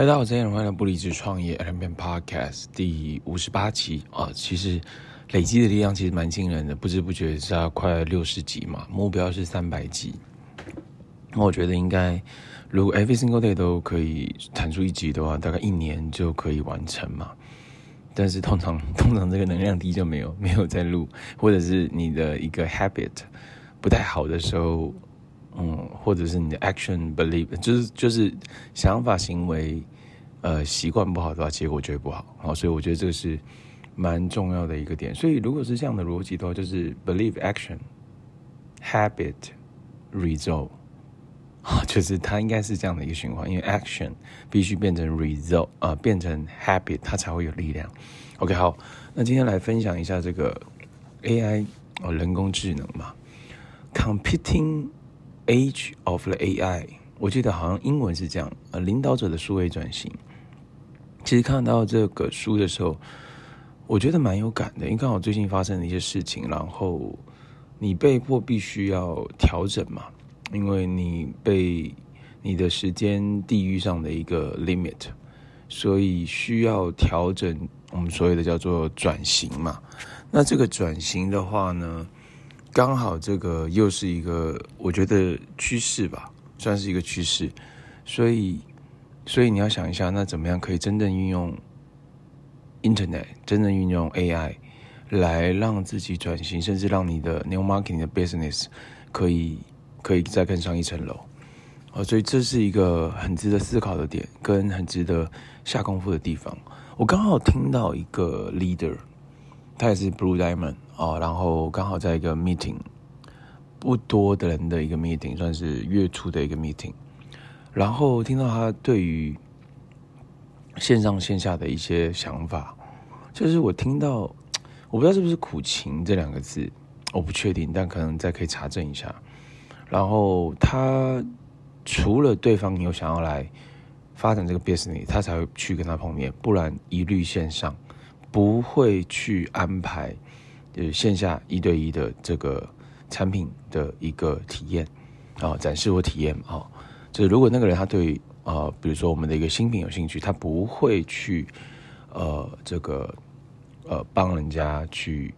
大家好，歡迎回來《不離職創業》N 篇 Podcast 第五十八集啊。其實累積的力量其實蠻驚人的，不知不覺是要快六十集嘛。目標是三百集，那我覺得應該，如果 Every single day 都可以彈出一集的話，大概一年就可以完成嘛。但是通常通常這個能量低就沒有沒有在錄，或者是你的一個 habit 不太好的時候，嗯，或者是你的 action belief，就是就是想法行為。呃，習慣不好的話，結果絕對不好。好，所以我覺得這個是蠻重要的一個點。所以如果是這樣的邏輯的話，就是 believe action habit result 好，就是它應該是這樣的一個循環。因為 action 必須變成 result 啊、呃，變成 habit 它才會有力量。OK，好，那今天來分享一下這個 AI，哦，人工智能嘛，Competing Age of the AI，我記得好像英文是這樣，呃，領導者的數位轉型。其實看到這個書的時候，我覺得蠻有感的，因為剛好最近發生了一些事情，然後你被迫必須要調整嘛，因為你被你的時間地域上的一個 limit，所以需要調整我們所謂的叫做轉型嘛，那這個轉型的話呢，剛好這個又是一個我覺得趨勢吧，算是一個趨勢，所以。所以你要想一下，那怎麼樣可以真正運用 Internet，真正運用 AI，來讓自己轉型，甚至讓你的 New Marketing 的 Business 可以可以再更上一層樓。所以這是一個很值得思考的點，跟很值得下功夫的地方。我剛好聽到一個 Leader，他也是 Blue Diamond，然後剛好在一個 Meeting 不多的人的一個 Meeting，算是月初的一個 Meeting。然後聽到他對於線上線下的一些想法，就是我聽到，我不知道是不是苦情這兩個字，我不確定，但可能再可以查證一下。然後他除了對方有想要來發展這個 business，他才會去跟他碰面，不然一律線上，不會去安排就是線下一對一的這個產品的一個體驗啊、呃，展示或體驗啊。呃就是如果那個人他對呃，比如說我們的一個新品有興趣，他不會去呃，這個呃，幫人家去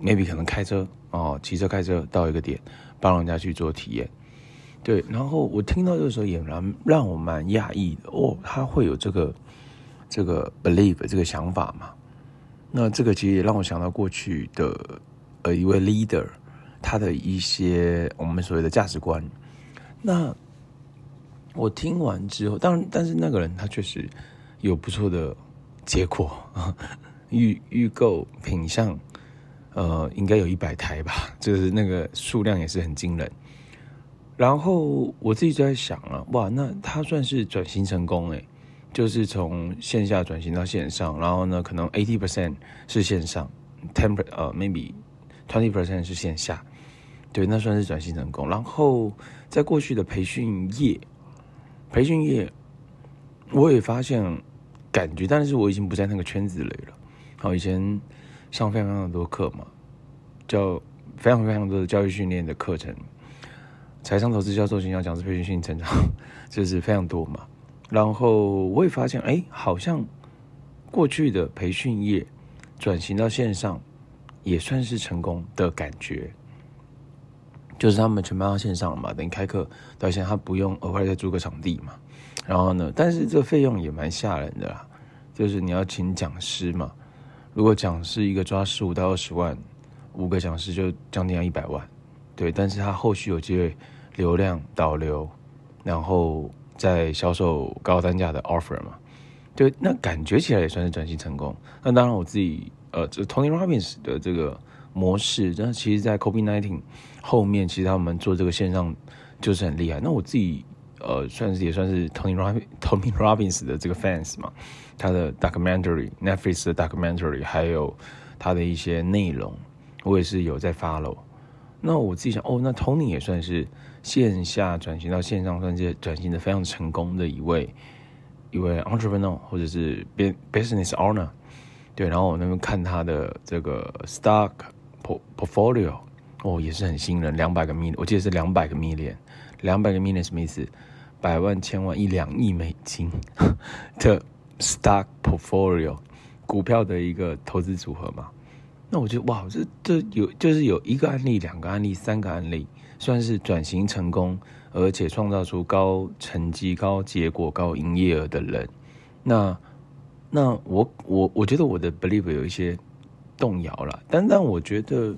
，maybe 可能開車啊，騎、呃、車開車到一個點，幫人家去做體驗。對，然後我聽到這個時候也讓讓我蠻訝異的哦，他會有這個這個 believe 這個想法嘛？那這個其實也讓我想到過去的呃一位 leader 他的一些我們所謂的價值觀，那。我聽完之後但，但是那個人他確實有不錯的結果啊。 預預購品相，呃，應該有一百台吧，就是那個數量也是很驚人。然後我自己就在想啊，哇，那他算是轉型成功誒，就是從線下轉型到線上，然後呢，可能 eighty percent 是線上，ten per，呃，maybe twenty percent 是線下，對，那算是轉型成功。然後在過去的培訓業。培訓業，我也發現，感覺，但是我已經不在那個圈子裡了。好，以前上非常非常多課嘛，叫非常非常多的教育訓練的課程，財商投資教授銷售型要講師培訓訓練成長，就是非常多嘛。然後我也發現，哎，好像過去的培訓業轉型到線上，也算是成功的感覺。就是他們全搬到線上了嘛，等於開課到現在他不用額外再租個場地嘛。然後呢，但是這個費用也蠻嚇人的啦，就是你要請講師嘛，如果講師一個抓十五到二十萬，五個講師就將近要一百萬。對，但是他後續有機會流量導流，然後再銷售高單價的 offer 嘛。對，那感覺起來也算是轉型成功。那當然我自己呃，就 Tony Robbins 的這個。模式，那其實，在 COVID-19 後面，其實他們做這個線上就是很厲害。那我自己，呃，算是也算是 Tony Robbins Tony Robbins 的這個 fans 嘛，他的 documentary, Netflix 的 documentary，還有他的一些內容，我也是有在 follow。那我自己想，哦，那 Tony 也算是線下轉型到線上，算是轉型的非常成功的一位一位 entrepreneur，或者是 business owner。對，然後我那邊看他的這個 stock。Portfolio 哦，也是很新人，兩百個 million 我記得是兩百個 million，兩百個 million 什麼意思？百萬、千萬、一兩億美金的 stock portfolio，股票的一個投資組合嘛。那我覺得哇，這這有就是有一個案例、兩個案例、三個案例，算是轉型成功，而且創造出高成績、高結果、高營業額的人。那那我我我覺得我的 belief 有一些。動搖了，但但我覺得，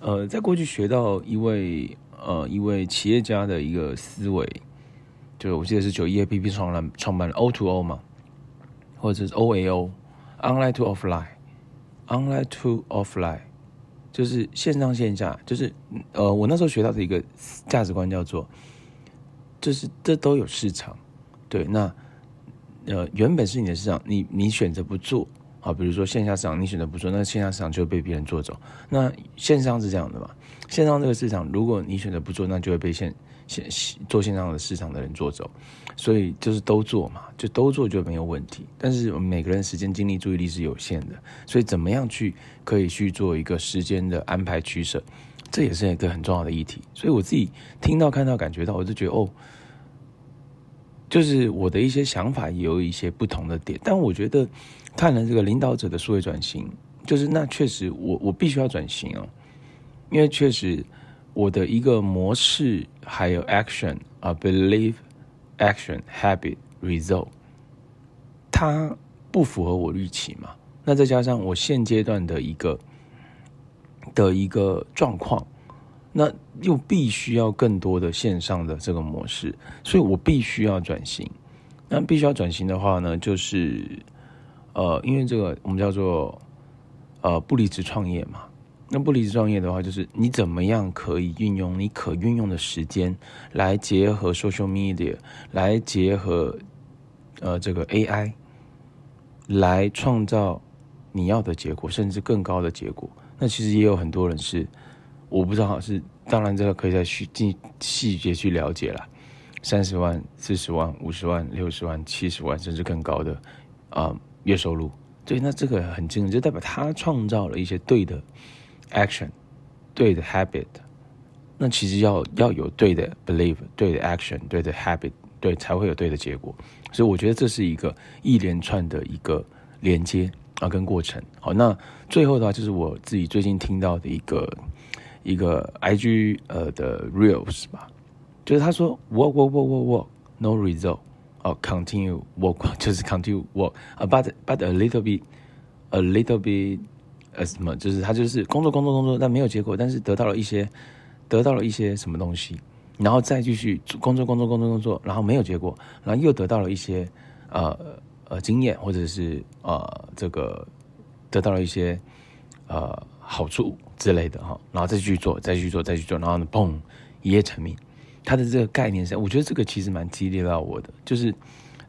呃，在過去學到一位呃一位企業家的一個思維，就是我記得是 91APP 創了創辦 O2O 嘛，或者是 O A O online to offline online to offline，就是線上線下，就是呃，我那時候學到的一個價值觀叫做，就是這都有市場，對，那呃原本是你的市場，你你選擇不做。好，比如說線下市場，你選擇不做，那線下市場就會被別人做走。那線上是這樣的嘛？線上這個市場，如果你選擇不做，那就會被線線做線上的市場的人做走。所以就是都做嘛，就都做就沒有問題。但是我們每個人時間、精力、注意力是有限的，所以怎麼樣去可以去做一個時間的安排取捨，這也是一個很重要的議題。所以我自己聽到、看到、感覺到，我就覺得哦，就是我的一些想法也有一些不同的點，但我覺得。看了這個領導者的數位轉型，就是那確實我，我我必須要轉型啊，因為確實我的一個模式還有 action 啊，believe，action habit result，它不符合我預期嘛？那再加上我現階段的一個的一個狀況，那又必須要更多的線上的這個模式，所以我必須要轉型。那必須要轉型的話呢，就是。呃，因為這個我們叫做，呃，不離職創業嘛。那不離職創業的話，就是你怎麼樣可以運用你可運用的時間，來結合 social media，來結合，呃，這個 AI，來創造你要的結果，甚至更高的結果。那其實也有很多人是，我不知道是，當然這個可以再去進細節去了解了。三十萬、四十萬、五十萬、六十萬、七十萬，甚至更高的，啊、呃。月收入，對，那這個很驚人，就代表他創造了一些對的 action，對的 habit，那其實要要有對的 believe，對的 action，對的 habit，對才會有對的結果，所以我覺得這是一個一連串的一個連接啊跟過程。好，那最後的話就是我自己最近聽到的一個一個 IG 呃的 reels 吧，就是他說 work work work work work no result。哦、oh,，continue work 就是 continue work，about but a little bit，a little bit 呃、uh, 什麼？就是他就是工作，工作工作工作，但沒有結果，但是得到了一些得到了一些什麼東西，然後再繼續工作工作，工作工作工作工作，然後沒有結果，然後又得到了一些呃呃經驗或者是呃這個得到了一些呃好處之類的哈，然後再去做，再去做，再去做，然後呢，砰，一夜成名。他的這個概念是，我覺得這個其實蠻激勵到我的，就是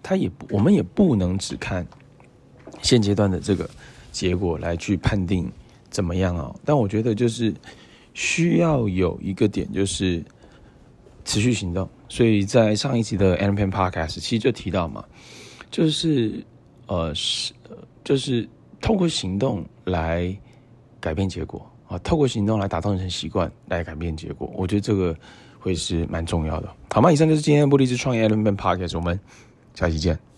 他也我們也不能只看現階段的這個結果來去判定怎麼樣哦。但我覺得就是需要有一個點，就是持續行動。所以在上一集的《n p a n Podcast》其實就提到嘛，就是呃是就是透過行動來改變結果啊，透過行動來打造成習慣來改變結果。我覺得這個。會是蠻重要的，好嗎？以上就是今天的不離職創業 Allen 的 Podcast，我們下期見。